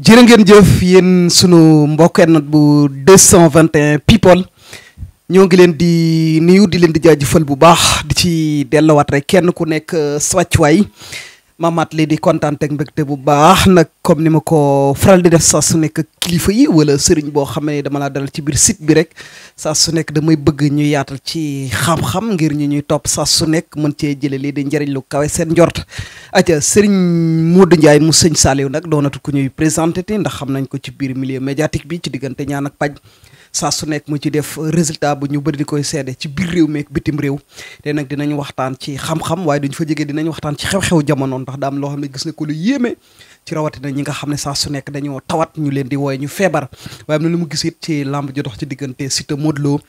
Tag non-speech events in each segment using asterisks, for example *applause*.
jërë ngeen jëf yéen sunu mbokk nat bu 221 people ñoo ngi leen di nuyu di leen di jaajëfal bu baax di ci dellowaat rek kenn ku nekk sa wàccuwaay mamat li di kontaan ak mbégte bu baax nag comme ni ma ko faral di def saa su nekk kilifa yi wala sëriñ boo xam ne dama laa dalal ci biir sit bi rek saa su nekk damay bëgg ñu yaatal ci xam-xam ngir ñi ñuy topp saa su nekk mën cee jële lii di njëriñ lu kawe seen njort aca sëriñ Modou Ndiaye mu sëñ Saliou nag doonatu ku ñuy présenté ti ndax xam nañ ko ci biir milieu médiatique bi ci diggante ñaan ak paj saa su nekk mu ci def résultat bu ñu bëri di koy seede ci biir réew meek bitim réew te nag dinañu waxtaan ci xam-xam waaye duñ fa jógee dinañu waxtaan ci xew-xew jamono ndax daam loo xam ne gis na ko lu yéeme ci rawatina ñi nga xam ne saa su nekk dañoo tawat ñu leen di wooye ñu feebar waaye am na lu mu gis it ci làmb ji dox ci diggante Siteu Modou Lo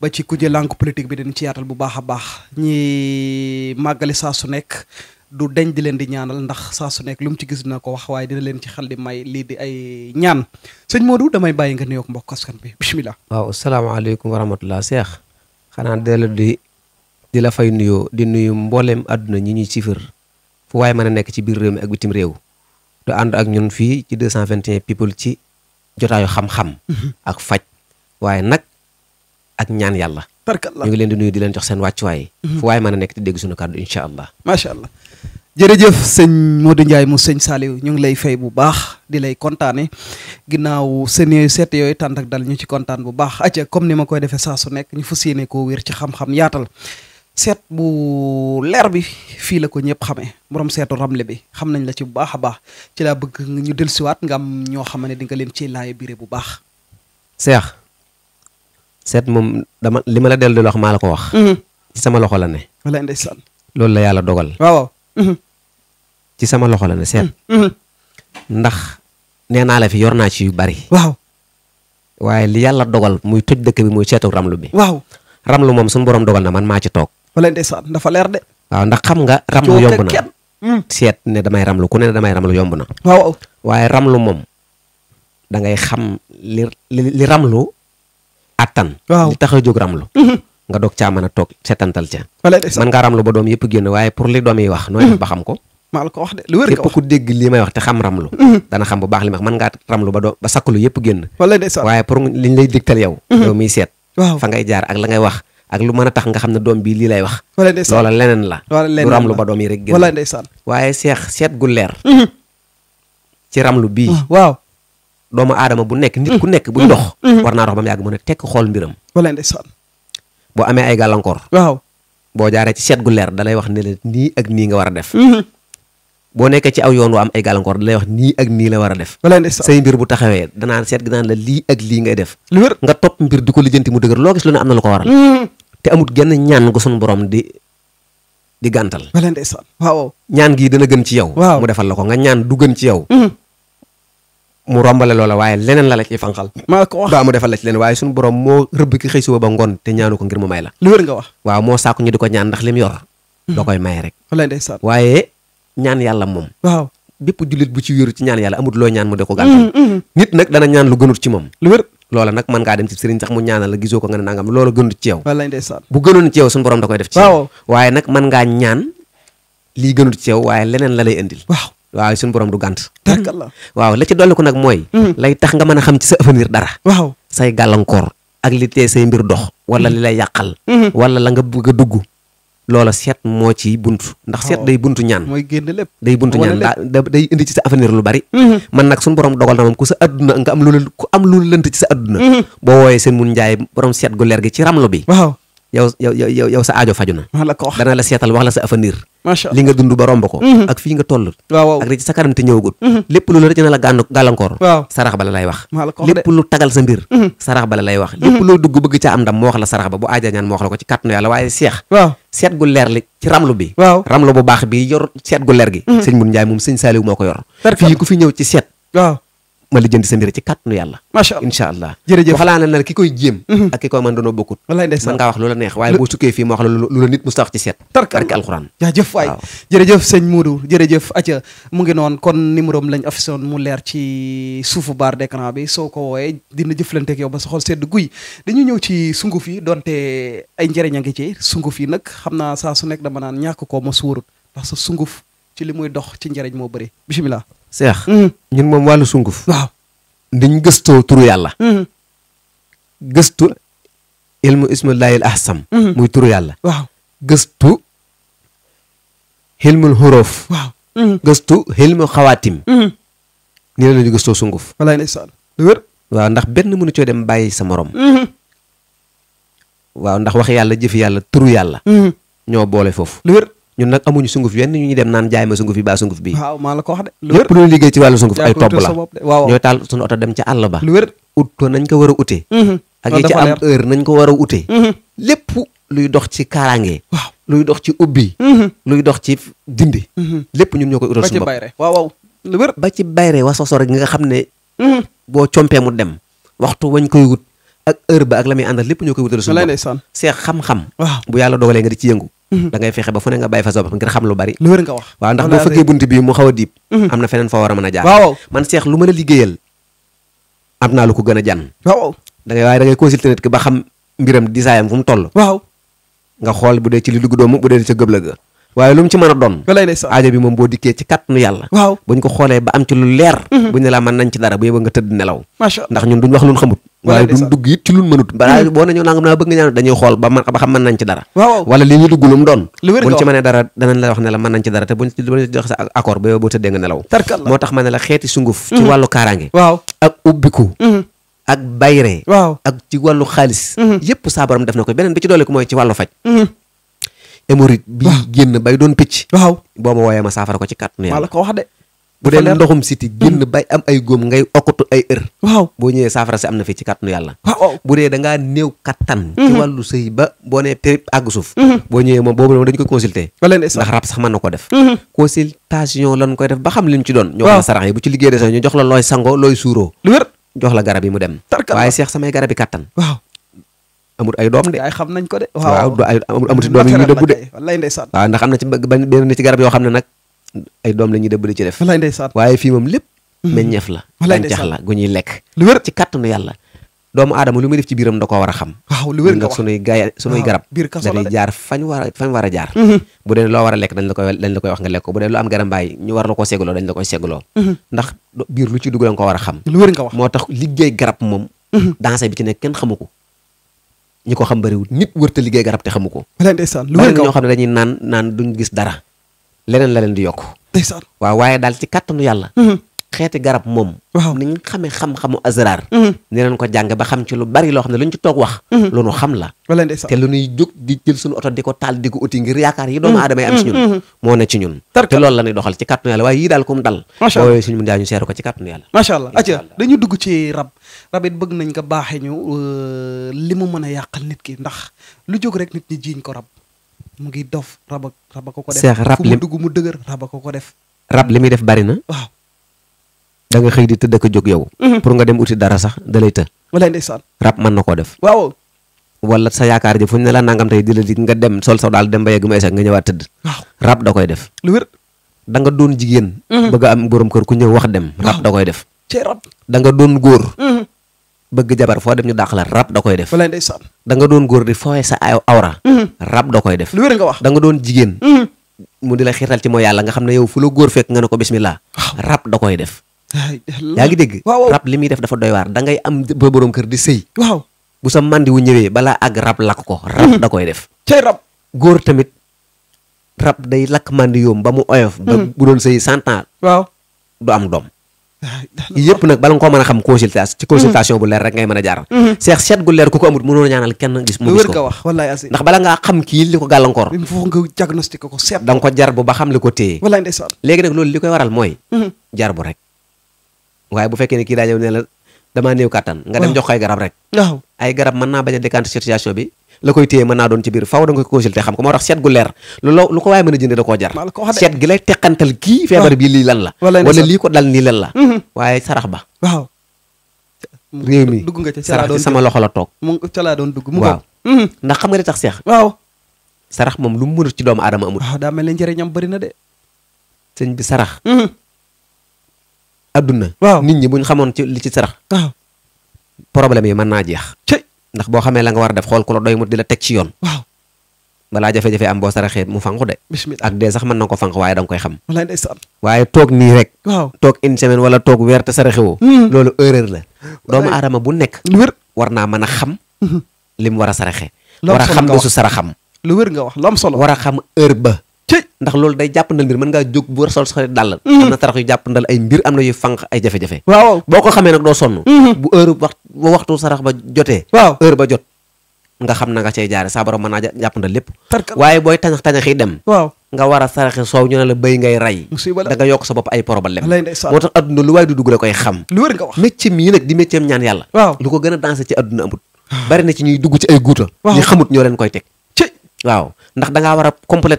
ba ci kuje langue politique bi dañ ci yaatal bu baax a baax ñi màggale saa su nekk du deñ di leen di ñaanal ndax saa su nekk lu mu ci gis dina ko wax waaye dina leen ci xel di may lii di ay ñaan sëñ Modou damay bàyyi nga nuyoog mbokk askan bi bisimilah. waaw salaamaaleykum wa rahmatulah Cheikh xanaa delloo di di la fay nuyoo di nuyu mbooleem àdduna ñi ñuy sifir fu waaye mën a nekk ci biir réew mi ak bitim réew. du ànd ak ñun fii ci 221 people ci jotaayu xam mhm. ak faj nag ak ñaan yàlla. barkallah ñu ngi leen di nuyu di leen jox seen wàccuwaay. Mhm. waaye mën a nekk di dégg suñu kàddu incha allah. macha allah. jërëjëf sëñ Modou njaay mu sëñ Saliou ñu ngi lay fay bu baax di lay kontaane ginnaaw sën yooyu seet yooyu tànt dal ñu ci kontaan bu baax acca comme ni ma koy defee saa su nekk ñu fas yéene koo wér ci xam-xam yaatal seet bu leer bi fii la ko ñëpp xamee borom seetu ramle bi xam nañ la ci bu baax a baax ci laa bëgg ñu dellusiwaat nga ngam ñoo xam ne di nga leen ci laay biire bu baax. seex seet moom dama li ma la dellu di maa la ko wax. Mm-hmm. ci sama loxo la ne. loolu la yàlla dogal Mhm. ci sama loxo la ne seet. Mhm. Mhm. ndax nee naa la fi yor naa ci yu bari. waaw waaye li yàlla dogal muy toj dëkk bi muy seetu ramlu bi. waaw ramlu moom suñu borom dogal na man maa ci toog. wala dafa leer de. ndax xam nga. ramlu yomb na hmm. seet ne damay ramlu ku ne damay ramlu yombu na. waaw waaye ramlu moom dangay xam li ramlu attan. waaw li tax a jóg ramlu. nga doog caa mën a toog setantal ca man ngaa ramlu ba doom yëpp génn waaye pour li doom yi wax nooy ba xam ko maa la ko wax de lu wér képp ku dégg li may wax te xam ramlu mhm. dana xam bu baax li may ngaa ramlu ba doo ba sakku lu yëpp génn waaye pour mhm. la ngay wax a tax nga xam ne doom la lu ba doom yi rek génn waaye seex seet gu mhm. ci ramlu bii doomu aadama bu nekk nit ku nekk buy dox war naa dox ba mu yàgg mën a tekk xool mbiram wala ndeysaan boo amee ay gàllankoor. waaw boo jaaree ci seet gu leer dalay wax ne la nii ak nii nga war a def. Mhm. boo nekkee ci aw yoon waa am ay gàllankoor da lay wax nii ak nii la war a def. say mbir bu taxawee danaan seet gi naan la lii ak lii ngay def. lu nga topp mbir di ko lijjanti mu dëgër loo gis lu ne am na lu ko waral. Mhm. te amut genn ñaan gu sunu borom di di gàntal. waaw ñaan gii dana gën ci yow. mu defal la ko nga ñaan du gën ci yow. Mhm. mu rombale loola waaye leneen la la ciy fanqal maa ko wax baa mu defal la ci leen waaye suñu borom moo rëbb ki xëy suba ba ngoon te ñaanu ko ngir mu may la lu wér nga wax waaw moo sàkku ñu di ko ñaan ndax li mm-hmm. yàlla moom waaw bépp jullit bu ci wéeru ci ñaan yàlla amut ñaan mu de ko gàntal mm-hmm. nit nag dana ñaan lu gënut ci moom lu loola nag mën ngaa dem ci sëriñ sax mu ñaanal la gisoo ko nga ne nangam loola gënut ci yow wallaay ndeysaan bu gënoon ci yow suñu borom da waaye nag mën ngaa ñaan lii gënut ci yow waaye leneen la lay indil waaw waaw suñu borom du gànt *laughs* waaw la ci dolli ko nag mooy hmm. lay tax nga mën a xam ci sa avenir dara waaw say gàllankoor ak li tee say mbir dox wala hmm. li lay yàqal hmm. wala la nga bëgg a dugg loola seet moo ci bunt ndax seet day bunt ñaan mooy génn lépp day buntu ñaan daa day indi ci sa avenir lu bari man nag suñu borom dogal na moom ku sa adduna nga am lu ku am lu lënt ci sa adduna boo wooyee seen mun njaay borom seet gu leer gi ci ramlo bi waaw yow yow yow yow sa aajo faju na dana la seetal wax la sa avenir macha allah li nga dund ba romb ko mhm. ak fii nga toll ak li ci sa te ñëwagul mhm. lépp lu la rëcc na la gànn sarax ba la lay wax lépp lu tagal sa mbir mhm. sarax ba la lay wax lépp loo dugg bëgg ca am ndam moo wax la sarax ba bu aaja ñaan moo wax la ko ci kàttanu yàlla waaye seex waaw seet gu leer li ci ramlu bi waaw ramlu bu baax bi yor seet gu leer gi sëñ mun njaay moom sëñ saaliw moo ko yor fii ku fi ñëw ci seet ma lijjanti sa mbir ci kàttanu yàlla macha allah incha allah jërëjëf wax laa ne la ki koy jéem mhm. ak ki koy mën doonoo neex waaye boo sukkee fii ma wax la nit musta wax ci seet barke alxuraan jaajëf waay jërëjëf sëñ Modou jërëjëf aca mu ngi noonu kon numéro lañ affiché mu leer ci suufu barre d'écran bi soo ko wooyee dina jëflante ak yow ba sa xol sedd guy dañu ñëw ci sunguf yi donte ay njëriñ a ngi ci sunguf yi nag xam naa saa su nekk dama naan ñàkk koo ma suurut parce sunguf ci li muy dox ci njariñ moo bëri bisimilah. seex. Mm-hmm. ñun moom wàllu sunguf. waaw gëstoo turu yàlla. Mm-hmm. gëstu ilmu ismullaahil ahsam mm-hmm. muy turu yàlla. waaw gëstu xilmul xuróof. waaw gëstu xilmu xawaatim. nii la ñu gëstoo sunguf. walaay ndeysaan lu wér. waaw ndax benn mënu coo dem bàyyi sa moroom waaw ndax wax yàlla jëf yàlla turu yàlla. ñoo boole foofu ñun nag amuñu sunguf yenn ñu ñu dem naan jaay ma sunguf yi baa sunguf bii waaw maa la ko wax de lu wér lépp luy liggéey ci wàllu sunguf ay topp la ñooy taal suñu oto dem ca àll ba lu wér ut ko nañ ko war a utee mhm. ak yi ci am heure nañ ko war a utee mhm. lépp luy dox ci kaaraange waaw luy dox ci ubbi mhm. luy dox ci dindi lépp ñun ñoo koy utal suñu bopp waaw waaw lu wér ba ci bayre wasosor gi nga xam ne boo compee mu dem waxtu wañ koy wut ak heure ba ak la muy àndal lépp ñoo koy wutal suñu bopp seex xam-xam bu yàlla dogalee nga di ci yëngu da ngay fexe ba fu ne nga bàyyi fa sobe ngir xam lu bari waaw ndax boo fëggee bunt bi mu xaw diib mhm. am na feneen foo war a mën a man seex lu ma la liggéeyal am naa lu ko gën a jan waaw da ngay waaye da ngay ki ba xam mbiram disaayam fu mu toll nga xool bu dee ci li dugg doomu bu dee ca gëb la ga waaye lu mu ci mën a doon aajo bi moom boo dikkee ci kàttanu yàlla waaw buñ ko xoolee ba am ci lu leer mhm. buñ ne laa mën nañ ci dara bu yëba nga tëdd nelaw ndax ñun duñ waaye duñ dugg it ci luñ mënut balaa boo nañu nangam naa bëgg nga ñaan dañuy xool ba man ba xam mën nañ ci dara waaw wala ñu dugg lu mu doon buñ ci mënee dara danañ la wax ne la mën dara te ba yow boo tëddee nga nelaw moo tax ma ne xeeti sunguf ci mhm. wàllu kaaraange waaw ak ubbiku mhm. ak bayre ak ci wàllu xaalis mhm. yépp saa def na ko beneen bi ci doole ko mooy ci wàllu faj hémorroïde bi génn bay doon picc waaw boo ma wooyee ma saafara ko ci kàttanu yàlla ko bu dee ndoxum siti mm. génn bay am ay góom ngay okkutu ay ër boo ñëwee saafara si am na fi ci kàttanu yàlla bu dee da ngaa néew kattan ci mm-hmm. wàllu sëy ba boo nee pépp àgg mm-hmm. boo ñëwee moom boobu moom dañu koy consulter ndax rab sax mën na ko def mm-hmm. consultation lañ koy def ba bu ci liggéey de sax ñu jox la looy sango looy suuroo lu wér jox la garab yi mu dem waaye seex samay garab kattan waaw ay doom de ay xam nañ ko de waaw du ay doom de wallaay ndeysaan garab yoo xam ne nag ay doom la ñuy def ba di ci def. waaye fii moom lépp. Mhm. meññeef la. gàncax la gu ñuy lekk. lu wér ci kàttanu yàlla. doomu aadama lu muy def ci biiram da koo a xam. waaw lu wér la da ngay jaar fañ war a fañ war a jaar. Mhm. bu dee loo war a lekk dañ la koy dañ la koy wax nga lekk ko bu dee lu la koo segloo dañ la koy segloo. Mhm. ndax biir lu ci dugg da nga a xam. moo tax liggéey garab moom. dansé bi ci nekk kenn xamu ñi ko xam bëriwul nit wërta liggéey garab te xamu ko. wala ñoo xam ne dañuy naan naan duñ dara leneen la leen di yokk ndeysaan waaw waaye daal ci kàttanu yàlla mhm. xeeti garab moom waaw ni ñu xamee xam-xamu asrar dinañ mhm. ko jàng ba xam ci lu bari loo xam ne lu ñu ci toog wax mhm. lu xam la wala ndeysaan te lu ñuy jóg di jël suñu oto di ko taal di ko uti ngir yaakaar yi doomu aadama yi am ci ñun moo ne ci ñun te loolu la ñuy doxal ci kàttanu yàlla waaye yii daal kum dal macha allah suñu ñu ko ci kàttanu yàlla macha allah aca dañu dugg ci rab rab it bëgg nañ nga baaxee ñu euh, li mu mën a yàqal nit ki ndax lu jóg rek nit ñi jiiñ ko rab mu ngi dof raba raba ko ko def. seex rab li mu dugg mu dëgër raba ko def. rab li muy def bari na. waaw. xëy di tëdd ko jóg yow. Mhm. pour nga dem uti dara sax da lay të. walaay ndeysaan. rab mën na koo def. waaw. wala sa yaakaar ji fu ñu ne la nangam tey di la di nga dem sol saw daal dem ba yegg mu échec nga ñëwaat tëdd. waaw rab da koy def. lu da nga doon jigéen. Mhm. bëgg am borom kër ku ñëw wax dem. rab da koy def. cee da nga doon góor. Mhm. bëgg jabar foo dem ñu daax la rab da koy def. walaay ndeysaan. da nga doon góor di fooye sa awra mhm. rab da koy def lu wér nga wax da nga doon jigéen mhm. mu di la xiirtal ci mooy yàlla nga xam ne yow fu la góor fekk nga ne ko bismillah rab da koy def yaa ngi dégg rab li muy def dafa doy waar da am ba borom kër di sëy waaw bu sa mandi wu ñëwee balaa ak rab lakk ko rab mhm. da koy def cay rab góor tamit rab day lakk mandi yoom ba mu oyof ba bu doon sëy cent du am doom yëpp nag bala nga koo mën a xam consultation ci consultation bu leer rek ngay mën a jaar mhm. seex seet gu leer ku ko amut mënoo ñaanal kenn gis mu gis wax ndax bala ngaa kii li ko gàllankoor foofu ko jar bu ba xam li ko téye wallaay nag loolu li koy waral mooy mhm. jar bu rek waaye bu fekkee ne kii daa ñëw ne damaa néew kàttan nga dem jox ko ay garab rek waaw ay garab mën naa bañ a décanter situation bi la koy téye mën naa doon ci biir faaw da nga koy consulter xam ko moo tax seet gu leer lu la lu ko waaye mën a jënde da koo jar seet gi lay teqantal kii feebar bi lii lan la wala lii ko dal nii la mm-hmm. waaye sarax ba waaw réew mi dugg nga ci sarax ci sama loxo la toog mu ca laa doon dugg waaw mm-hmm. ndax xam nga di tax seex waaw sarax moom lu mu ci doomu aadama amul waaw daa mel ne njëriñam bëri na de sëñ bi sarax mm-hmm. adduna. waaw nit ñi buñ xamoon ci li ci sarax. waaw problème yi mën naa jeex. ndax boo xamee la nga war a def xool ku la doy mu di la teg ci yoon. waaw balaa jafe-jafe am boo saraxee mu fanqu de. bismillah ak dee sax mën na ko fanq waaye da koy xam. walaay ndeysaan. waaye toog nii rek. toog une semaine wala toog weer te saraxewoo. Hmm. loolu erreur la. doomu aadama bu nekk. lu wér war naa mën a xam. Hmm. lim war a saraxe. war a xam bésu saraxam. lu wér nga wax lu solo. war a xam heure ba. cëy ndax loolu day jàppandal mbir mën ngaa jóg bu rasol sa dàll mhm. am na tarax yu jàppandal ay mbir am na yu fànq ay jafe-jafe waaw boo ko xamee nag doo sonn mhm. bu heure ba jotee waaw na nga cey jaare saa borom mën naa jàppandal lépp waaye booy tañax-tañax yi dem waaw nga war a saraxe soow ñu ne la béy ngay ray da nga yokk sa bopp ay problème moo tax adduna lu waaye du dugg la koy xam lu mii nag di métier ñaan yàlla lu ko gën a dansé ci adduna amut bari na ci ñuy dugg ci ay guuta ñu xamut ñoo leen koy teg waaw ndax dangaa war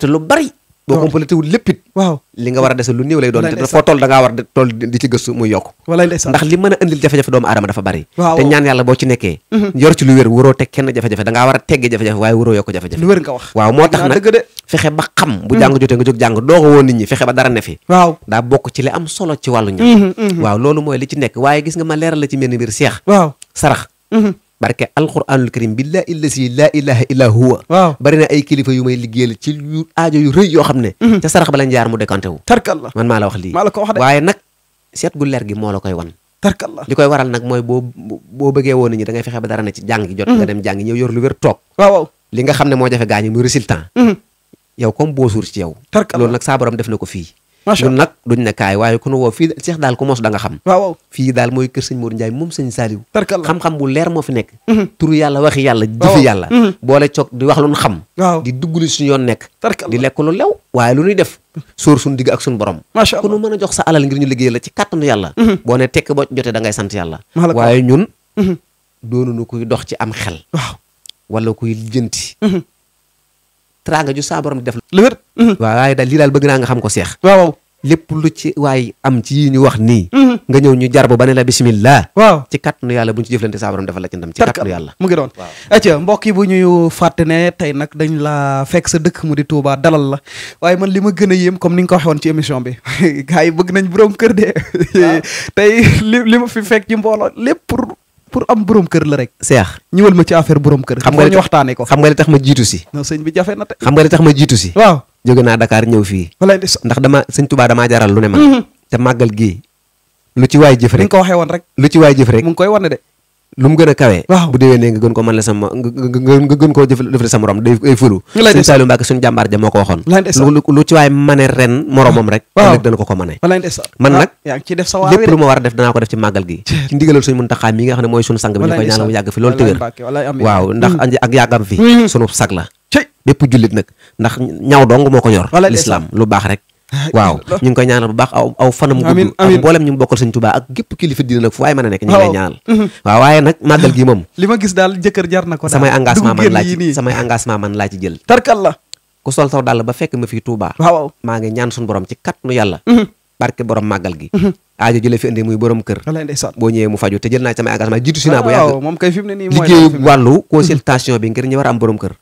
lu bari boo complété wul lépp it waaw li nga war a dese lu néew lay doon a a mhm. a moo tax nag fexe ba xam bu mhm. jàng jotee nga jóg jàng doo ko woon nit ñi ba dara ne daa bokk ci li am solo ci wàllu ñaan mhm, waaw loolu mooy li ci nekk waaye gis nga ma leeral la ci mel ni seex sarax barke alquranul karim billahi illasi la ilaha illa huwa bari na ay kilifa yu may liggéeyal ci yu aajo yu rëy xam ne mhm. ca sarax ba lañ jaar mu décanté wu man maa wax lii waaye nag seet gu leer gi koy wan tarkalla li koy waral nag mooy boo boo bëggee woon ñi da ngay fexe ba dara ne ci jot nga mhm. dem jàng ñëw yor lu wér toog li nga xam ne moo jafe gaañu muy résultat mhm. yow comme boo suur ci yow loolu nag saa borom def na ko fii macha allah ñun nag duñ ne kaay waaye ku nu woo fii seex daal ku mos da nga xam waaw fii daal mooy kër sëñ Modou Ndiaye moom sëñ Saliou tarkal xam-xam bu leer moo fi nekk mhm. turu yàlla waxi yàlla jëfi yàlla mhm. boole coog di wax digg ak suñu borom macha allah jox sa alal ngir ñu liggéey la ci kàttanu yàlla mhm. boo ne tekk boo jotee da ngay sant yàlla waaye ñun doonunu kuy dox ci am xel waaw kuy lijjanti teraanga ju saa borom di def lu wér mhm. waaw waaye daal lii daal bëgg naa nga xam ko seex waaw lu ci waaye am ci yii wax nii mhm. nga ñëw ñu jarbo ba ne la bismillah waaw ci kattanu yàlla bu ñu ci jëflante saa borom defal la ci ndam ci kattanu yàlla mu la fekk sa dëkk mu di Touba dalal la waaye man li ma gën a yéem comme ni nga ko waxee woon ci émission bi *laughs* gars yi bëgg nañ borom kër de tey li fi fekk ci mbooloo lépp pour am borom kër la rek. seex ñëwal ma ci affaire borom kër. xam nga ñu waxtaanee ko xam nga li tax ma jiitu si. non sëñ bi jafe na xam nga li tax ma jiitu si. waaw jóge naa Dakar ñëw fii. ndax dama sëñ Touba damaa jaral lu ne ma mm-hmm. te màggal gii lu ci waay jëf rek. ni ko waxee woon rek. lu ci waay jëf rek mu ngi koy wane de. lu mu gën a kawee bu déwénee nga gën ko mën la koo jëfle sa morom day fulu sëñ Saliou Mbacke suñu jàmbaar ja moo ko waxoon lu ci waay mane ren moromam rek man nag lépp lu ma war a def danaa ko def ci màggal gi ci ndigalal suñ Muntaxa mi nga xam ne mooy suñu sang bi ñu koy ñaanal mu yàgg fi loolu te wér waaw ndax ak yàggam fi mm-hmm. suñu sag la bépp jullit nag ndax ñaw dong moo ko yor l'islam lu baax rek *laughs* waaw ñu ngi koy ñaanal bu baax aw aw fanam gudd ak mboolem ñu bokkal sëñ Tuubaa ak gépp kilifa diina nag fu waaye mën a nekk ñu ngi ñaanal mhm. waaw waaye nag màggal gi moom li ma gis daal jëkkër jar na ko samay engagement man laa ci samay engagement man laa ci jël tarkal la ku sol saw dàll ba fekk ma fii Tuubaa waaw maa ngi ñaan suñu borom ci kat nu yàlla mhm. barke borom màggal gi mhm. aajo ji la fi indi muy borom kër boo ñëwee mu faju te jël naa sama engagement jiitu si naa bu yàgg moom kay fi mu ne mhm. bi ngir war a am borom kër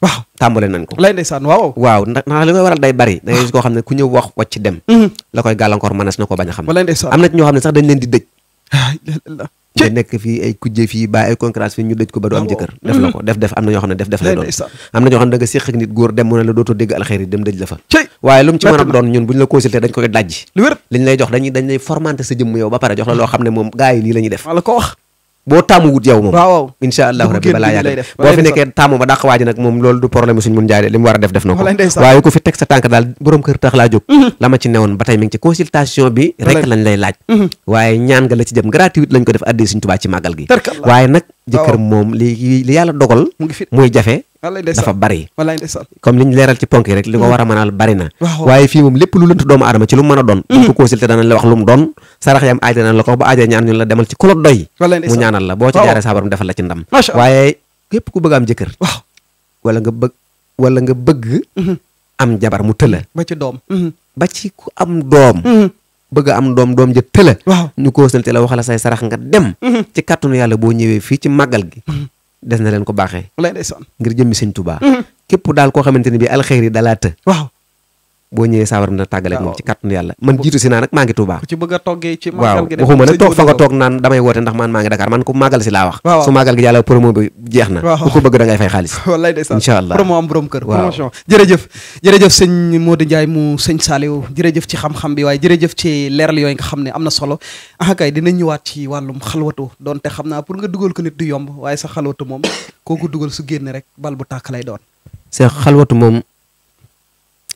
la koy gàllankoor manas na ko bañ a xam am na ci ñoo xam ne sax dañ leen di dëj da nekk fii ay kujje fii baa ay concurrence fii ñu dëj ko ba du am ah, jëkkër def la mhm. ko def def am na ñoo xam ne def def lay doon am na ñoo xam ne séq ak nit góor dem mu ne la dootoo dégg alxeer dem dëj la fa waaye lu mu ci mën a doon ñun bu ñu la consulté dañ koy dajj lu liñ lay jox dañuy dañ lay sa jëmm yow ba pare jox la loo xam ne moom gars yi nii la ñuy def wala ko wax boo taamu wut yow moom insha allahu rabbi balaa yaa boo fi nekkee taamu ba dàq waaji nag a ko fi teg sa tànk daal borom kër tax laa jóg mhm. la ci newoon ba tey ci consultation bi rek lañ lay laaj mhm. waaye ñaan nga la ci jëm gratuite lañ ko def addi suñ tubaa ci màggal gi waaye nag jëkkër moom li li yàlla dogal muy jafe dafa bari comme liñ leeral ci ponk yi rek li ko hmm. war a mënal bari na waaye fii moom lépp lu lënt doomu aadama ci lu mu mën a doon bu hmm. ko consulté danañ la wax lu doon sarax yam aaj danañ la ko bu aajee ñaan ñu la demal ci ku la mu ñaanal la boo ci jaaree saabaram defal la ci ndam waaye képp ku bëgg am jëkkër waaw nga bëgg hmm. am jabar mu tëla ba ku am doom bëgg a am doom doom ja a waaw ñu koosante la wax la say sarax nga dem mhm. ci kàttanu yàlla boo ñëwee fii ci màggal gi mhm. des na leen ko baaxee ngir jëmmi sëñ Tuubaa mhm. képp daal koo xamante ne bi alxeer dalaa të boo ñëwee saabaram dana tàggale ak moom ci kàttanu yàlla man jiitu si naa nag maa ngi Tuubaa a toggee ci màggal gi waaw waxuma nag toog fa nga toog naan damay woote ndax maa ngi Dakar man ko màggal si laa wax su *laughs* jërëjëf jërëjëf sëñ Modou Ndiaye mu sëñ Saliou jërëjëf ci xam-xam bi waaye jërëjëf ci leeral yooyu nga xam ne am na solo ah kay dina ñëwaat ci wàllum xalwatu doonte xam naa pour nga dugal ko nit di yomb waaye sa xalwatu moom *coughs* kooku dugal su génn rek bal bu tàkk lay doon sa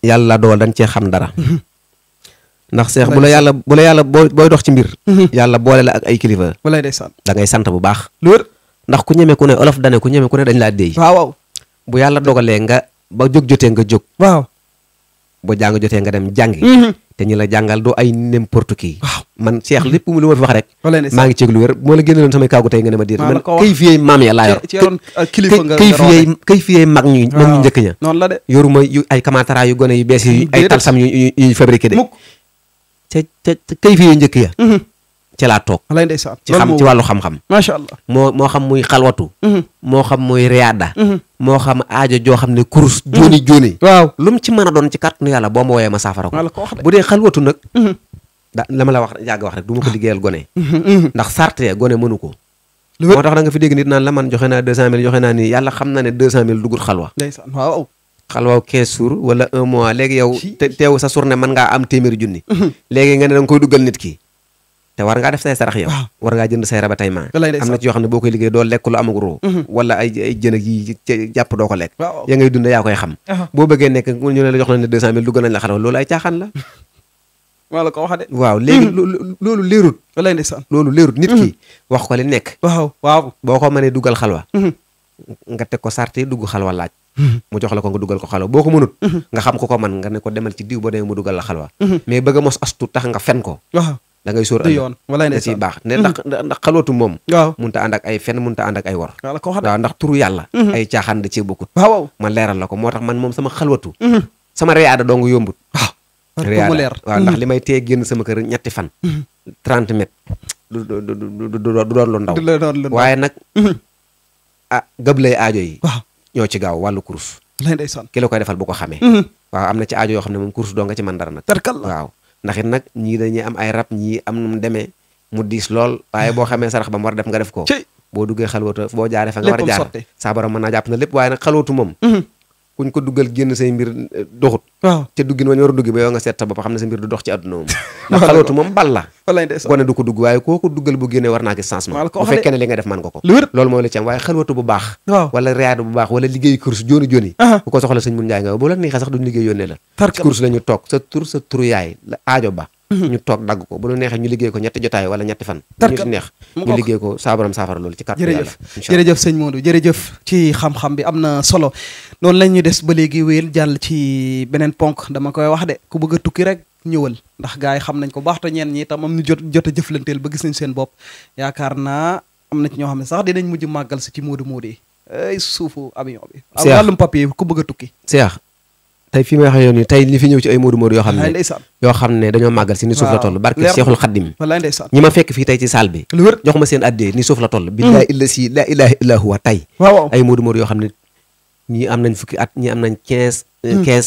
yàlla dool dañ cee xam dara mhm. ndax seex bu la yàlla bu yàlla boo booy dox ci mbir mhm. yàlla boole la ak ay kilifa walaay day sant da bu baax lu ndax ku ñeme ku ne olof dane ku ñeme ku ne dañ laa déy waaw waaw bu yàlla dogalee nga ba jóg jotee nga jóg waaw bu jàng jotee nga dem jàngi mhm. te ñi la jàngal doo ay n'importe qui man ceex lépp mu lu ma fi wax rek maa ngi ceeg lu wér moo la génne loon samay kaagu tey nga ne ma déet man kay fiyey maam ya laa yor kay fiyey mag ñu ah, njëkk ña yoruma ay kamaatara yu gone yu bees yu ay talsam yu ñu fabriqué de ca ca kay fiyey njëkk ya mm-hmm. ci toog ci xam wàllu xam-xam macha allah moo moo xam muy xalwatu mm-hmm. moo xam muy riyaada mm-hmm. moo xam aajo joo xam ne kurus jóoni jóoni waaw ci mën a doon ci kàttanu yàlla boo ma woyee ma saafara ko bu dee xalwatu nag da la ma la wax yàgg wax rek du ma ko liggéeyal gone *laughs* mhm, mhm. ndax sarte gone mënu ko moo tax da fi dégg nit naan la man joxe na ne deux cent mille xalwa ndeysaan waaw xalwaaw quinze jours wala un mois sa journée mën ngaa am téeméeri junni mhm. léegi nga ne da nga koy duggal nit ki te war def say sarax yow war jënd say raba tay ma am na ci yoo xam ne boo koy liggéey doo lekk lu amag roo wala ay ay jën ak yi jàpp doo ko lekk ya ngay dund yaa koy xam boo bëggee nekk ñu jox na ne *laughs* maa la ko wax de. waaw léegi mhm. loolu leerut. walaay ndeysaan loolu leerut nit ki. Mhm. wax ko li nekk. waaw waaw boo ko dugal xalwa. Mhm. nga teg ko yi dugg xalwa laaj. mu la ko nga dugal ko xalwa boo ko mënut. nga xam ko ko man nga ne demal ci diw ba demee mu dugal la xalwa. mais a mos astu tax nga fen ko. waaw da ngay sóor yoon walaay da ciy baax ne ndax ndax xalootu moom waaw munta ànd ak ay fen munta ànd ak ay wor waaw ndax turu yàlla ay caaxaan da cee bokkut waaw leeral la ko moo tax man moom sama xalwatu sama reyaada dong yombut riyaada mu leer waaw ndax mm-hmm. li may tee génn sama kër ñetti fan. 30 mm-hmm. mètres. du du du du du doon lu waaye nag. Mm-hmm. ah gëb lay aajo yi. waaw ñoo ci gaaw wàllu kurus. lay ndeysaan ki koy defal bu ko xamee. waaw am na ci aajo yoo xam ne moom kurs doo nga ci man dara nag. tarkal ndax it nag ñii dañuy am ay rab ñii am nu mu demee mu diis lool waaye boo xamee sarax ba mu war def nga def ko. boo duggee xalwatu boo jaaree fa nga war a jaar saa borom mën naa jàpp na lépp waaye nag xalwatu moom kuñ ko duggal génn say mbir eh, doxut waaw te duggin wañ war a duggi ba yow nga seet sa bopp mbir du dox ci àdduna moom *laughs* ndax xalootu moom du ko dugg waaye koo ko duggal bu war naa gis changement bu fekkee ne li nga def man nga ko loolu mooy la ci am waaye xalwatu bu baax wala riyaadu bu baax wala liggéey course jóoni jóoni bu ko soxla sa tur sa turu yaay la ba *coughs* ñu toog dagg ko bu nu neexee ñu liggéey ko ñetti jotaay wala ñetti fan ñu si neex ñu liggéey ko saabaram saafara loolu ci kàttan yàlla jërëjëf sëñ Modou jërëjëf ci xam-xam bi am na solo noonu la ñuy des ba léegi wéyal jàll ci beneen ponk dama koy wax de ku bëgg a tukki rek ñëwal ndax gars yi xam nañ ko baax te ñeen ñi itam am ñu jot jot jëflanteel ba gis nañ seen bopp yaakaar naa am na ñoo xam ne sax dinañ mujj màggal si ci Modou Modou yi ay suufu avion bi wàllum papier ku bëgg tukki seex tey fi may waxee yoon yi tey li fi ñëw ci ay moodu moodu yoo xam ne yoo xam ne dañoo màggal si ni suuf la toll barke Seexul Xaddim ñi ma fekk fii tey ci saal bi jox ma seen addee ni suuf la toll mm. billahi illa si la ilaha illa huwa tey ay moodu moodu yoo xam ne ñi am nañ fukki at ñi mm. euh, mm. mm-hmm.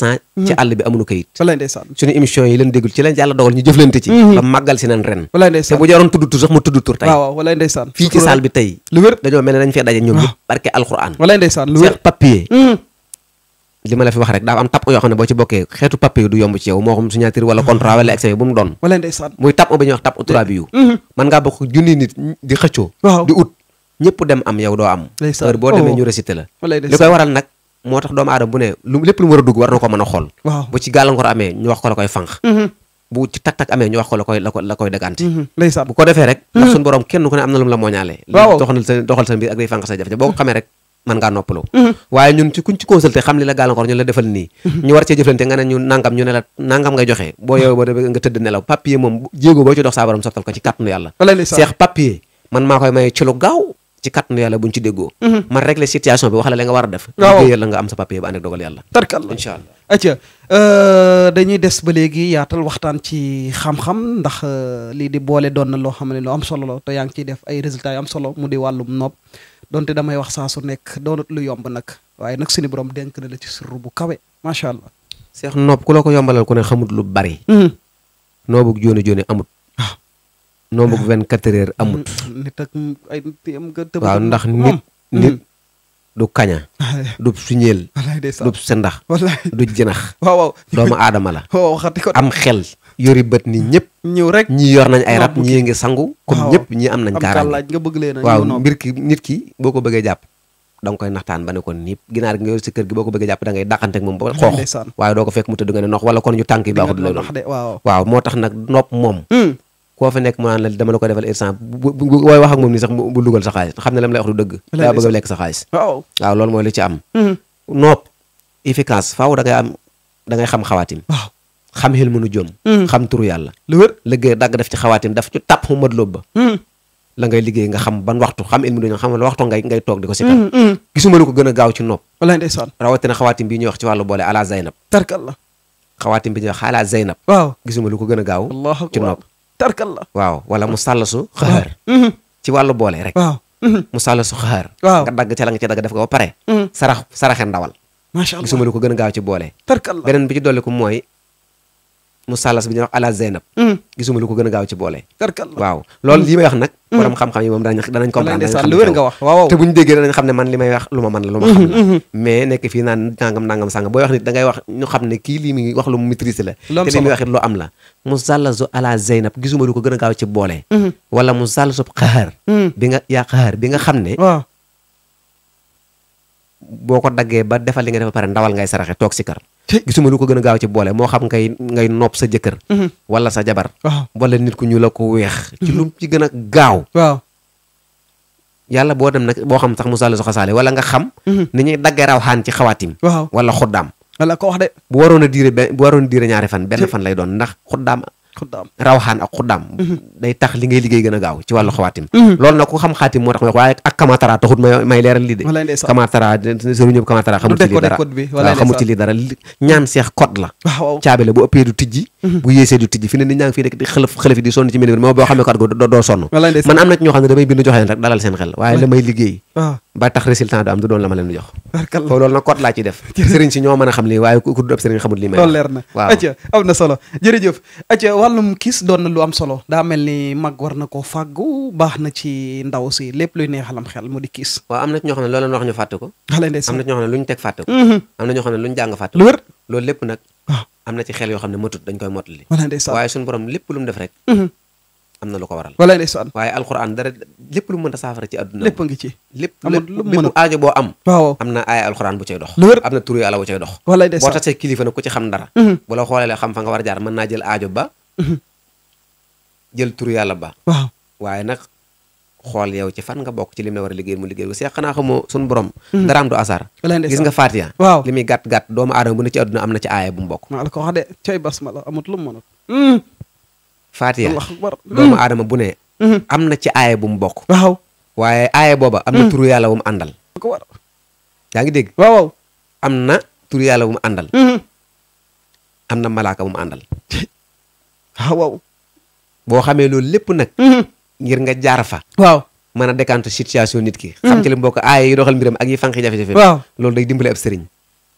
si nan ren te bu jaroon sax ma tudd tur fii ci saal bi tey dañoo mel dañ fee ñoom ah. ñëpp barke alquran seex papier mm-hmm. li ma la fi wax rek daa am tap yoo xam ne boo ci bokkee xeetu papier du yomb ci yow moo xam signature wala contrat wala extrait bu mu doon wala ndeysaan muy ba mm-hmm. oh. ñu a a wax ko la koy fànq mm-hmm. bu tak-tak amee ñu wax ko la koy dagante mm-hmm. bu ko defee rek ndax suñu borom kenn ku ne am na lu la mooñaale doxal sa mbir ak day fànq sa jafe boo ko xamee rek mën ngaa noppalu mhm. waaye ñun ci kuñ ci consulté xam li la gàllankoor ñu la defal nii mhm. ñu war cee jëflante nga ne ñu nangam nangam ngay joxe boo yow boo demee nga tëdd nelaw papier moom jéego boo ci dox saa borom ko ci kàttanu yàlla seex papier man maa koy maye gaaw ci kàttanu yàlla buñ ci déggoo mhm. man régler situation bi wax la la nga war a def liggéeyal nga am sa euh, euh, di boole doon na loo xam ne lu am solo la yaa ngi def ay résultats yu am solo mu di wàllum nopp donte damay wax saa su nekk doonut lu yomb nag waaye nag suñu borom denk na la ci sirru bu kawe macha allah. seex nopp ku la ko yombalal ku ne xamut lu bari. Mm-hmm. noobug jooni jooni amut. Ah. noobug vingt quatre heures amut. Mm-hmm. nit ak ndax mm-hmm. nit nit. du kaña du suñeel du sandax du jënax doomu aadama la *laughs* am xel yori bët ni ñëpp ñëw rek ñii yor nañ ay rab ñii ngi sangu comme ñëpp ñii am nañ kaaraange nga bëgg waaw mbir ki boo ko bëggee jàpp da nga moom ba xoox waaw moo tax nag nopp moom hmm. koo fa mu naan la dama la ko defal instant booy wax moom nii sax bu dugal sa xam ne lam lay wax du dëgg daa bëgg a lekk waaw loolu mooy li am hmm. nopp efficace faaw da ngay xam xawaatim xam xel mënu joom hmm. xam turu yàlla lu wér liggéey dagg def ci xawaatim daf ci tàpp mu mat ba hmm. la ngay liggéey nga xam ban waxtu xam ilmu dañoo xam la waxtu ngay ngay toog di ko sikkal hmm, gisuma lu ko gën a gaaw ci nopp wallaay ndeysaan rawatina xawaatim bi ñuy wax ci wàllu boole ala zaynab tarkalla xawaatim bi ñuy wax ala zaynab waaw gisuma lu ko gën a gaaw ci nopp tarkalla waaw wala mu sàllasu xaar ci wàllu boole rek waaw mu sàllasu xaar nga dagg ca la nga ca dagg def ko ba pare sarax saraxe ndawal maa sha Allah gisuma lu ko gën a gaaw ci boole tarkalla beneen bi ci dolli ko mooy mu sàllas bi ñuy wax ala Zeynab. gisuma lu ko gën a gaaw ci boole. waaw loolu li wax nag. borom xam yi moom danañ danañ comprendre danañ xam lu wér nga wax waaw te buñu déggee ne man li may wax lu ma man la nekk fii naan nangam nangam sàngam booy wax nit da wax ñu xam ne kii lii mi wax lu mu maîtrise la te li muy wax it lu am la mu sàllasu ala Zeynab ko gën a gaaw ci boole. wala mu sàllasu xaar mm-hmm. bi nga yaa xaar bi nga xam ne boo ko daggee ba defal li nga defal pare ndawal ngay saraxe toog si kar gisuma lu ko gën a gaaw ci boole moo xam ngay ngay nopp sa jëkkër mhm. wala sa jabar wala nit ku ñu la ko weex ci mhm. lu ci gën a gaaw waaw yàlla boo dem nag boo xam sax mu sàll soxa saale wala nga xam mhm. ni ñuy daggee raw xaan ci xawaatim wala xuddaam wala ko wax de bu waroon a diire bu waroon a diire ñaari fan benn fan lay doon ndax xuddaam xuddaam rawxaan a xuddaam mhm. day tax li ngay liggéey gën a gaaw ci wàllu xawaatim mhm. loolu nag ku xam xaatim moo tax may waaye ak kamatara taxut may leeral lii de kamatara sëru ñëpp kamatara xamu ci lii dara ñaan seex code la caabi la bu tijji *laughs* bu yéesee du tijji fi ne nit ñaa ngi fii rek di xëlëf xëlëf di sonn ci mbir mi moo boo xamee ko at doo sonn man am na ci ñoo xam ne ah. ba tax résultat du am la ma leen di jox foofu loolu nag kot laa ci def a daa mel ni mag war na koo fàggu baax na ci ndaw si lépp luy neexalam xel mu di kiis waaw am na ci ñoo xam ne loolu leen wax ko am na ci ñoo xam ne lu teg fàtte ko mhm. loolu lépp nag ah. am na ci xel yoo xam ne matut dañ koy mottali waaye suñu borom lépp lu mu def rek mhm. am na lu ko waral waaye alquran dara lépp lu mën a saafara ci àdduna lépp a ngi ci lépp lépp aajo boo am waaw am na aaya alquran bu cay dox lu wér am na turu yàlla bu cay dox walaay ndeysaan boo tasee kilifa nag ku ci xam dara mhm. bu la xoolee xam fa nga war a jaar mën naa jël aajo ba mhm. jël turu yàlla ba waaw waaye nag xool yow ci fan nga bokk ci lim la war a liggéey mu liggéey ko seex xanaa xamoo suñu borom hmm. daraam du asar gis nga Fatiha waaw li muy gàtt gàtt doomu aadama bu ne ci àdduna am na ci aaya bu hmm. hmm. na ci aaya bu mu bokk waaw waaye aaya booba am na turu yàlla wu mu àndal yaa ngi dégg am na turu yàlla wu mu na malaaka wu mu àndal *laughs* waaw boo xamee loolu lépp nag ngir nga jaar fa waaw mën a décanter situation nit ki hmm. xam ci li mbokk aaya yi mbiram ak yi fànqi jafe-jafe waaw loolu day dimbale ab sëriñ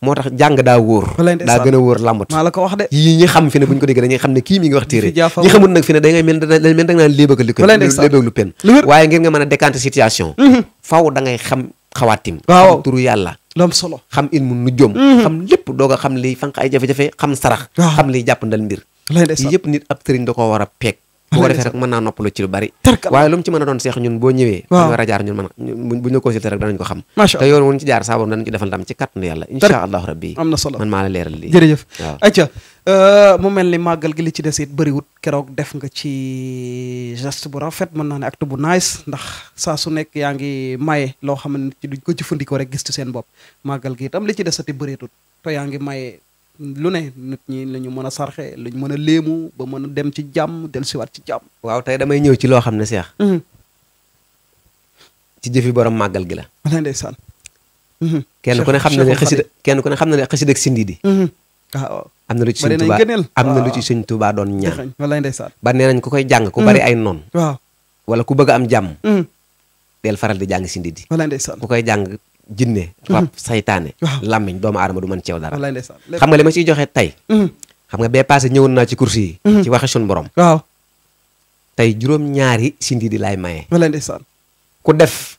moo tax jàng daa wóor daa gën a wóor làmbut la ko yi ñi xam fi ko déggee dañuy xam ne kii mi ngi wax téere ñi xamul nag fi ne da ngay mel naan léebaka li ko léebak lu pen waaye ngir nga mën a décanter situation hmm. faw da ngay xam xawaatim turu yàlla loolu solo xam ilmu nujum hmm. xam lépp doog a xam liy fànq ay jafe-jafe xam sarax xam liy jàppandal mbir yëpp nit ab sëriñ da ko war a peeg bu ko defee rek mën ci lu bari waaye lu mu ci mën doon seex ñun boo ñëwee dañ war jaar ñun mën buñ la consulté rek ci jaar saa euh, mu mel ni màggal gi li ci des it bëriwut keroog def nga ci geste bu rafet mën naa ne acte bu nice ndax saa su nekk yaa ngi maye loo xam ne duñ ko jëfandikoo rek gis ci seen bopp màggal gi itam li ci desati bëreetut te yaa ngi maye lu ne nit ñi la ñu mën a sarxe la ñu mën a léemu ba mën a dem ci jàmm dellusiwaat ci jàmm. waaw te damay ñëw ci loo xam ne seex. Mhm. ci jëfi borom màggal gi la. wala ndeysaan. Mhm. kenn ku ne xam na ne kenn ku ne xam na ne xasida di. Mhm. Ah, waaw am lu ci sëñ Tuubaa am na lu ci sëñ ah, Tuubaa doon ñaan. ba nee nañ ku koy jàng ku bari ay noon. waaw ku bëgg am jàmm. del faral di jàng sindi koy jàng. jinne rab mhm. saytaane làmmiñ doomu aadama du mën ceew dara xam nga li ma ciy joxe tey mhm. xam nga bee passé ñëwoon naa ci kursi yi mhm. ci waxe suñu borom waaw tey juróom-ñaari sindi di laay maye ku def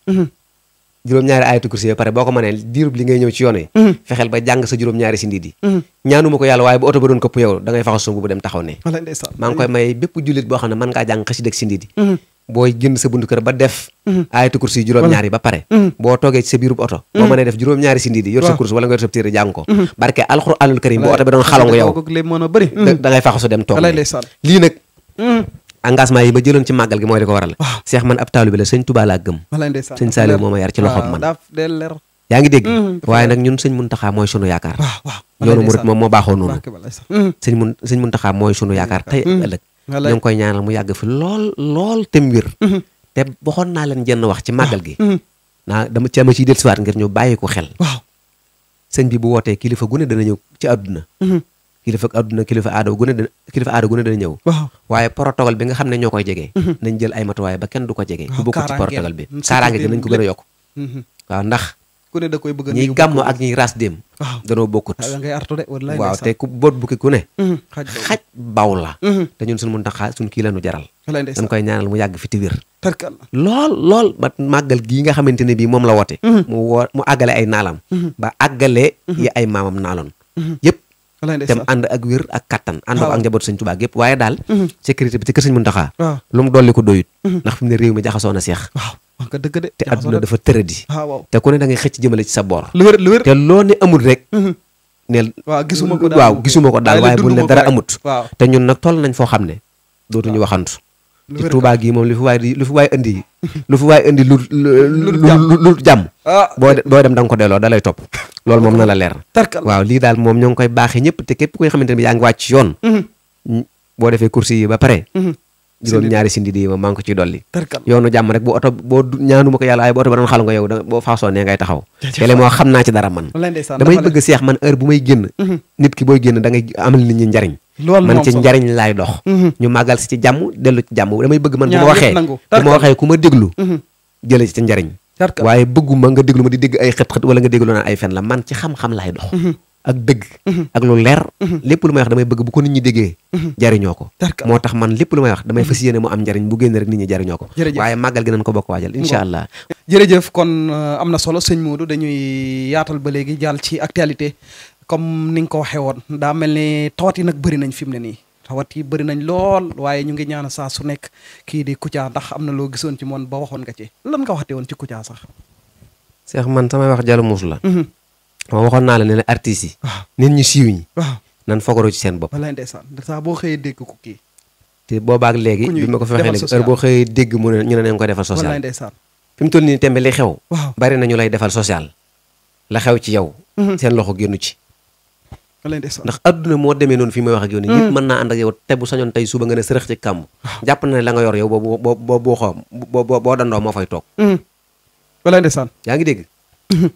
juróom-ñaari ayatu kursi ba pare boo ko mënee diirub li ngay ñëw ci yoon yi fexeel ba jàng sa juróom-ñaari sindi di ñaanuma ko yàlla waaye bu oto ba doon këpp yow da ngay sumbu bu dem taxaw ne maa koy may bépp jullit boo xam ne mën ngaa jàng xasida ak boo génn sa buntu ba def mhm. ayatul kursi juróom-ñaari ba pare mhm. boo toogee ci sa oto mhm. boo mënee def juróom-ñaari si ndiidi yor sa kursi wala nga yor sa téere jàng ko barke alxuraanul karim bu oto bi yi ba jëloon ci màggal gi mooy di ko waral man ab taalibe la sëñ Tuubaa laa gëm sëñ Saaliw moo ma yar ci loxoom man yaa ngi dégg waaye nag ñun sëñ mooy sunu yaakaar yoonu moom moo baaxoo noonu sëñ mun sëñ mooy sunu yaakaar tey ñoo ngi koy ñaanal mu yàgg fi lool lool te mu wér. Mm-hmm. te waxoon naa leen jenn wax ci màggal ah, gi. Mm-hmm. naa dama ci ama ciy dellusiwaat ngir ñu bàyyi ko xel. waaw sëñ bu wootee kilifa gune dana ñëw ci àdduna. Mm-hmm. kilifa àdduna kilifa aada gune dana kilifa aada gune dana ñëw. waaw waaye protocole bi nga xam ne ñoo koy jege. nañ jël ay matuwaay ba kenn du ko jege. ku bokkul ci protocole bi kaaraange gi nañ ko gën a yokk. waaw ndax ku ne da koy bëgg a ñuy gàmm ak ñuy ras dem waaw danoo bokkut waaw te boot bukki ku ne mhm. xaj baw la mhm. te ñun suñu mun taxaa suñ kii la nu jaral dañ koy ñaanal mu yàgg fi te wér lool lool ba màggal gii nga xamante ne bii moom la woote mhm. mu woo mu àggale ay naalam ba àggale yi ay maamam naaloon yëpp dem ànd ak wér ak kattan ànd ko ak njaboot sëñ Tuubaa gépp waaye daal mhm. sécurité bi ci kër sëñ Muntaxa lu mu dolli ko doyut mhm. ndax fi ne réew mi jaxasoo na seex wax nga te adduna dafa tëradi ah, waaw te ku ne da ngay xëcc jëmale ci sa boor lu wér lu wér te loo ne amul rek mhm. neel waaw gisuma ko daal waaye buñ ne dara amut te ñun nag toll nañ foo xam ne dootuñu waxantu ci Touba gii moom lu fi waay lu fi waay indi lu fi waay indi lu lu jàmm ah. boo boo dem da nga ko delloo da lay topp *laughs* loolu moom na la leer waaw lii daal moom ñoo ngi koy baaxee ñëpp te képp koy xamante ne bi yaa ngi wàcc yoon mm-hmm. boo defee course yi ba pare mm-hmm. juróom ñaari sindi di ma maa ngi ko ciy dolli yoonu jàmm rek bu oto boo ñaanuma ko yàlla ay bu oto ba doon xalu nga yow boo faasoo ne ngay taxaw te léegi moo xam naa ci dara man damay bëgg seex man heure bu may génn mhm. nit ki booy génn da ngay amal nit ñi njariñ man ci njariñ laay dox mhm. ñu màggal si ci jàmm dellu ci jàmm damay bëgg man bu ma waxee ma waxee ku ma déglu mhm. jële ci ci njariñ waaye bëgguma nga déglu ma di dégg ay xët-xët wala nga déglu naan ay fen la man ci xam ak dëgg mhm. ak lu leer mhm. lépp lu may wax damay bëgg bu ko nit ñi déggee mhm. jariñoo ko moo tax man lépp lu may wax damay fas yéene mu am njariñ bu génn rek nit ñi jariñoo ko waaye màggal gi nañ ko bokk waajal incha allah jërëjëf kon euh, ba léegi jàll ci actualité comme ni nga ko waxee woon daa mel ni tawat yi nag bëri nañ fi mu ne nii tawat yi bëri nañ lool waaye ñu ngi ñaan saa su nekk kii di Kouthia ndax am na loo gisoon ci moom ba waxoon nga ci lan nga waxate woon ci Kouthia sax Cheikh man samay wax jalu muus la moom waxoon naa la ne la yi. nit ñu siiw ñi. nan fogaroo ci seen bopp. walaay ndeysaan saa boo xëyee dégg ko kii. te boobaak léegi bi ma ko fi waxee léegi heure boo xëyee dégg mu ne ñu ne nañ ko defal social. walaay ndeysaan fi mu toll nii tembe li xew. bari na ñu lay defal social. la xew ci yow. seen loxo génnu ci. ndax adduna moo demee noonu fi may wax ak yow nii. nit mën naa ànd ak yow te bu sañoon tey suba nga ne sërëx ci kàmm. jàpp na ne la nga yor yow boo boo boo boo dandoo moo fay toog. yaa ngi dégg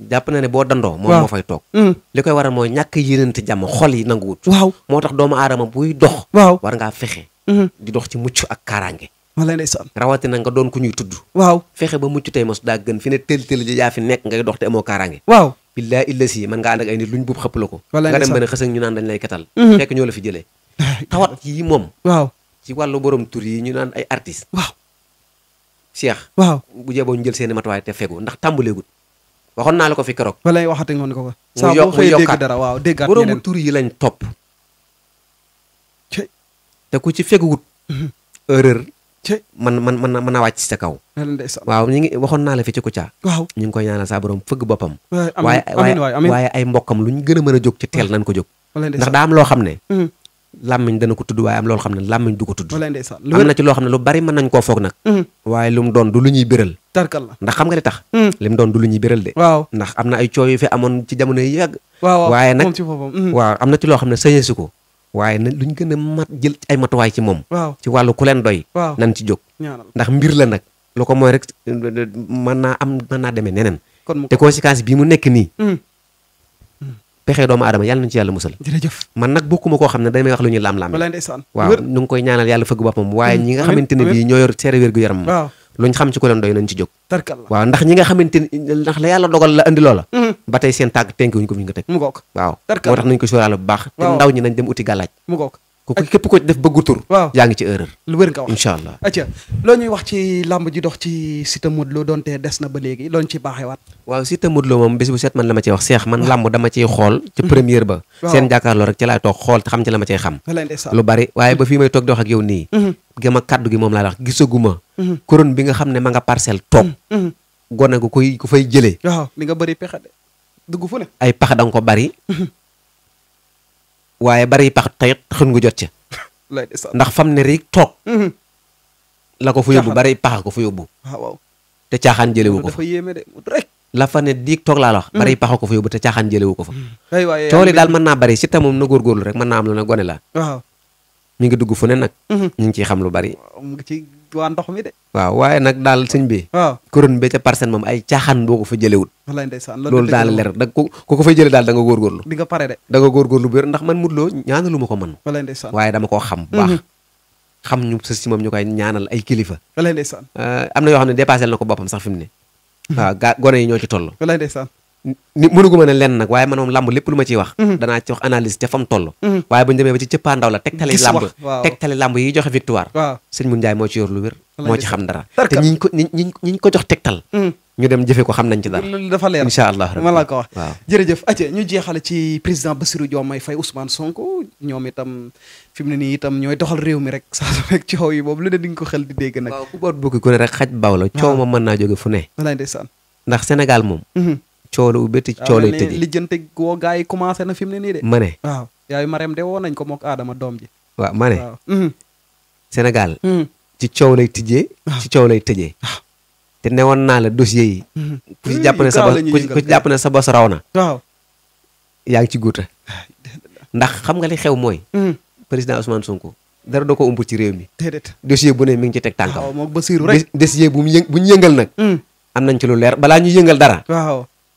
jàpp na ne boo dandoo moom moo fay toog mm. li koy waral mooy ñàkk yénante jàmm xol yi nanguwut waaw moo tax doomu aadama buy dox waaw war ngaa fexe mm-hmm. di dox ci mucc ak kaaraange wala ndeysaan rawatina nga doon ku ñuy tudd waaw fexe ba mucc tey mos daa gën fi ne tël tël ji yaa fi nekk ngay dox te amoo kaaraange waaw billaa illa si man nga ànd ay nit luñ buub xëpp la ko nga dem ba ne xësëg ñu naan dañ lay ketal mm-hmm. fekk ñoo la fi jëlee *laughs* tawat yi moom waaw ci wàllu borom tur yi ñu naan ay artiste waaw Cheikh waaw bu jeboo ñu jël seeni matuwaay te fegu ndax tàmbaleegut waxoon naa la ko fi keroog. ba lay waxati nga ne ko. saa boo xëyee waaw déggaat boroomu tur yi lañ topp. te ku ci feguwut. Mhm. erreur. man man man mën a wàcc sa kaw. waaw ñu ngi waxoon naa la fi ci Kouthia. waaw ñu ngi koy ñaanal saa borom fëgg boppam. waaye waaye ay mbokkam lu ñu gën a mën a jóg ci teel nañ ko jóg. ndax daa am loo xam ne. Mhm. làmmiñ dana ko tudd waaye am loo xam ne làmmiñ du ko tudd. am na ci loo xam ne lu bari mën nañ koo foog nag. Mhm. waaye lu doon du lu ñuy béral. tarkal la ndax xam nga li tax hmm. lim doon du lu ñuy béral de waaw ndax am na ay coow yu fi amoon ci jamono yi yàgg waaw waaye nag hmm. waaw am na ci loo xam ne sëñeesu ko waaye nag lu ñu gën a mat jël ay matuwaay ci moom waaw ci wàllu ku doy nan ci jóg ndax mbir la nag lu ko mooy rek mën naa am mën naa demee neneen te conséquence bii mu nekk nii hmm. pexe doomu aadama yàlla nañu ci yàlla musal man nag bokkuma koo xam ne damay wax lu laam-laam waaw ñu koy ñaanal yàlla fëgg boppam waaye ñi nga xamante ne bii luñ xam ci ku leen doy nañ ci jóg waaw ndax ñi nga xamante ni ndax la yàlla dogal la andi loola mm-hmm. bu baax te ndaw ñi ko def bëggu tur waaw yaa ngi ci erreur lu wér nga wax incha allah ñuy wax ci làmb ji dox ci Siteu Modou Lo des na ba léegi loolu ci baaxee waat waaw Siteu Modou Lo moom bés bu set man la ma cee wax seex man làmb dama ciy xool ci mm-hmm. première ba seen jàkkaarloo rek ci laay toog xool te xam ci la ma cey xam lu bari waaye ba fii may toog di ak yow nii mm-hmm. gama kàddu gi moom laa wax gisaguma. Mhm. couronne bi nga xam ne ma nga parcelle toog. Mhm. Mhm. gone gu koy ku fay jëlee. waaw li nga bëri pexe de dugg ay pax da nga ko bari. waaye bari pax tayit xën gu jot ca. *laughs* ndax fam ne rek toog. la ko fa yóbbu bari pax ah, ko fa yóbbu. te caaxaan jëlewu ko ko fa yóbbu daal mën naa bari si tamoom na góorgóorlu rek mën naa am lu ne gone laa. mi ngi dugg fu ne nag. Mhm. ñu ngi ciy xam lu bari. mu ngi ci waa ndox mi de. waaw waaye nag daal sëñ bi. waaw kuréel bi ca parcelle moom ay caaxaan boo ko fa jëlewut. wallaay ndeysaan daal leer da ku ko fay jële daal da nga góorgóorlu. di nga pare de. ndax man Modou Lo ñaanalu ma ko man. waaye dama koo xam baax. Mhm. xam ñu sës ci moom ñu koy ñaanal ay kilifa. wallaay euh, am na yoo xam ne dépassé na ko boppam sax fi mu ne. Mhm. waaw yi ñoo ci toll. ni mënuguma ne lenn nag waaye man moom lamb lépp lu ma ciy wax mhm. danaa ci wax analyse ca fam mhm. waaye bu ñu ba ci cëppaandaw la tegtali lamb yi joxe victoire sëñ Mun Njaay moo ci yor lu wér moo ci xam dara te ñiñ ko ñiñ ñiñ ko jox tegtal mhm. ñu dem jëfe ko xam nañ ci dara dafa allah ma la ko wax waaw jërëjëf ace ñu jeexale ci président Bassirou Diomaye Faye Ousmane Sonko ñoom itam fi mu ne nii itam ñooy doxal réew mi rek *laughs* saa su nekk yi boobu lu ne di nga di dégg nag waaw ku boot bukki ku ne rek xaj baw la coow ma mën naa jóge fu ne ndax Sénégal moom coolo ubbe te ah, coolo yi tëjee lijjante woo gars yi commencé fi mu ne de ma ne waaw de woo nañ ko mook Adama doom ji waaw ma ne mhm. Sénégal mhm. ci coow la tijjee ah. ci coow lay tëjee ah. te newoon naa la dossier yi mhm. ku ci jàpp ne sa bos ku ci jàpp ne sa bos raw na waaw yaa ngi ci guuta ndax xam nga li xew mooy président Ousmane Sonko dara doo ko ump ci réew mi dossier bu ne mi ngi ci teg tànkam dossier bu mu yë am nañ ci lu balaa ñu yëngal dara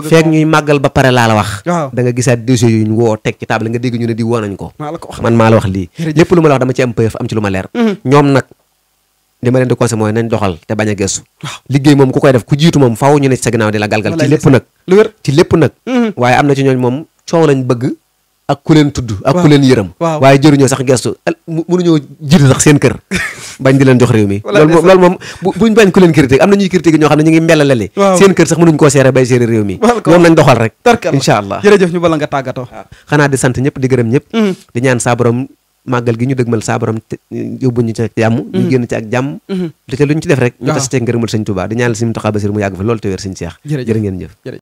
feek ñuy màggal ba pare laa la wax da nga gisaat dossier yu woo teg ci table nga dégg ñu ne di woo ko man maa la wax lii lépp lu ma la wax dama ci am preuve am ci lu ma leer mhm. ñoom nag li ma leen di conseil mooy nañ doxal te bañ a gëstu liggéey moom ku koy def ku jiitu moom faaw ñu ne sa ginnaaw di la galgal ci lépp nag mhm. waaye am na ci ñooñ moom coow lañ bëgg ak ku leen tudd ak ku leen yërëm waaye jëruñoo sax gestu mënuñoo jiitu sax seen kër *laughs* bañ di leen jox réew mi loolu moom loolu moom buñ bañ ku leen am na ñuy critique ñoo xam ne ñu doxal rek incha allah jërëjëf ñu bala nga tàggatoo xanaa di sant ñëpp di gërëm ñëpp mm-hmm. di ñaan saa borom màggal ñu dëgmal saa borom yóbbu ñu ca jàmm mm-hmm. mm-hmm. te ca luñ ci def rek ñu tas ci ngërëmal sëñ Tuubaa di ñaanal sëñ Muntaxa Basiir mu yàgg fa loolu te wér sëñ Seex